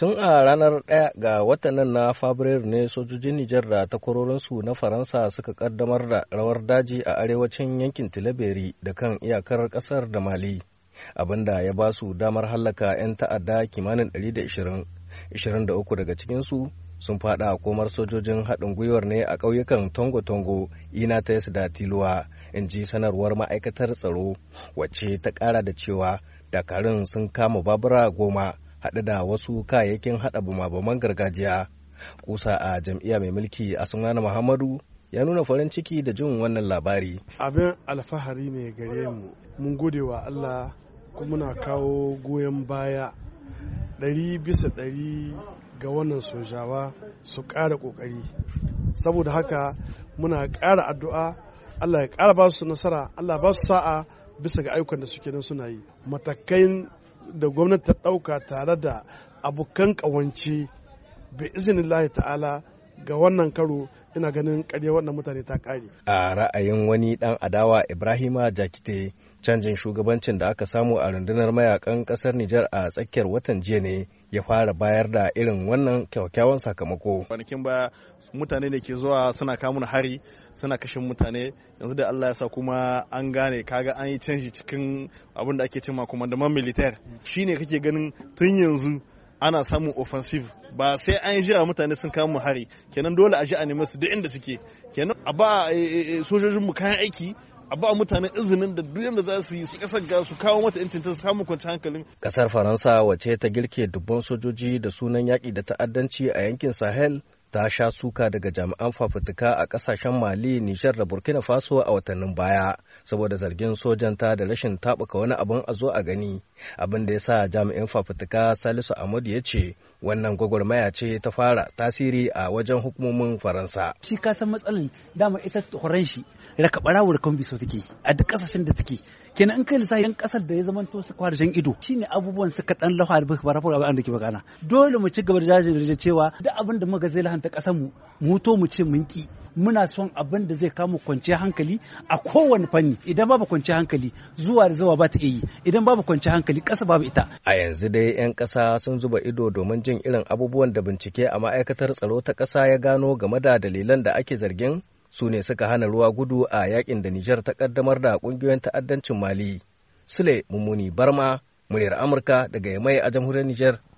tun a ranar 1 ga watan na fabrairu ne sojojin nijar da takwarorinsu na faransa suka kaddamar da rawar daji a arewacin yankin tilaberi da kan iyakar kasar da mali abinda ya ba su damar hallaka 'yan ta'adda kimanin 120 23 daga cikinsu sun fada komar sojojin haɗin gwiwar ne a ƙauyukan tongo-tongo inates da tiluwa in ji sanarwar ma'aikatar tsaro wacce ta ƙara da cewa dakarun sun kama babura goma haɗe da wasu kayayyakin haɗa bumabuman gargajiya kusa a jam'iyya mai mulki a sunana muhammadu ya nuna farin ciki da jin wannan labari abin alfahari ne gare mu mun gode wa allah kuma muna kawo goyon baya ɗari bisa ɗari ga wannan sojawa su ƙara ƙoƙari saboda haka muna ƙara addu'a allah ya ƙara ba su nasara allah ba su sa'a bisa ga ayyukan da suke nan suna yi matakai da gwamnati ta ɗauka tare da abokan ƙawance bai izinin ta'ala ga wannan karo ina ganin karye wannan mutane ta kare A ra'ayin wani ɗan adawa Ibrahima Jakite canjin shugabancin da aka samu a rundunar mayakan kasar Nijar a tsakiyar watan jiya ne ya fara bayar da irin wannan kyakkyawan sakamako. Kwanakin baya mutane da ke zuwa suna kamun hari suna kashin mutane yanzu da Allah ya sa kuma an gane kaga an yi canji cikin abin da ake cimma kuma da man militar shine kake ganin tun yanzu ana samun offensive ba sai an yi jira mutane sun kama hari kenan dole a ji a nemi su duk inda suke kenan a ba eh, eh, eh, sojojin mu kayan aiki a ba mutane izinin da duk yadda za su yi su kasar ga su kawo mata yancin ta samun kwanci hankalin kasar faransa wace ta girke dubban sojoji da sunan yaƙi da ta'addanci a yankin sahel ta sha suka daga jami'an fafutuka a kasashen mali nijar da burkina faso a watannin baya saboda zargin sojanta da rashin taɓuka wani abin a zo a gani abin da ya sa jami'in fafutuka salisu amadu ya ce wannan gwagwarmaya ce ta fara tasiri a wajen hukumomin faransa shi ka san matsalan dama ita horon shi raka barawar kambi so take a duk kasashen da take kenan in kai lissafi yan kasar da ya zama to su kwarjan ido shine abubuwan suka dan lafa da barawar abin da ke bagana dole mu ci gaba da jajirce cewa duk abin da muka zai ta ƙasar mu mu mu ce mun ki muna son abin da zai kama kwanciyar hankali a kowane fanni idan babu kwanciyar hankali zuwa da zawa ba ta yi idan babu kwanciyar hankali ƙasa babu ita a yanzu dai 'yan ƙasa sun zuba ido domin jin irin abubuwan da bincike a ma'aikatar tsaro ta ƙasa ya gano game da dalilan da ake zargin su ne suka hana ruwa gudu a yakin da Nijar ta kaddamar da kungiyoyin ta'addancin Mali. Sule Mummuni Barma, muryar Amurka daga Yamai a jamhuriyar Nijar.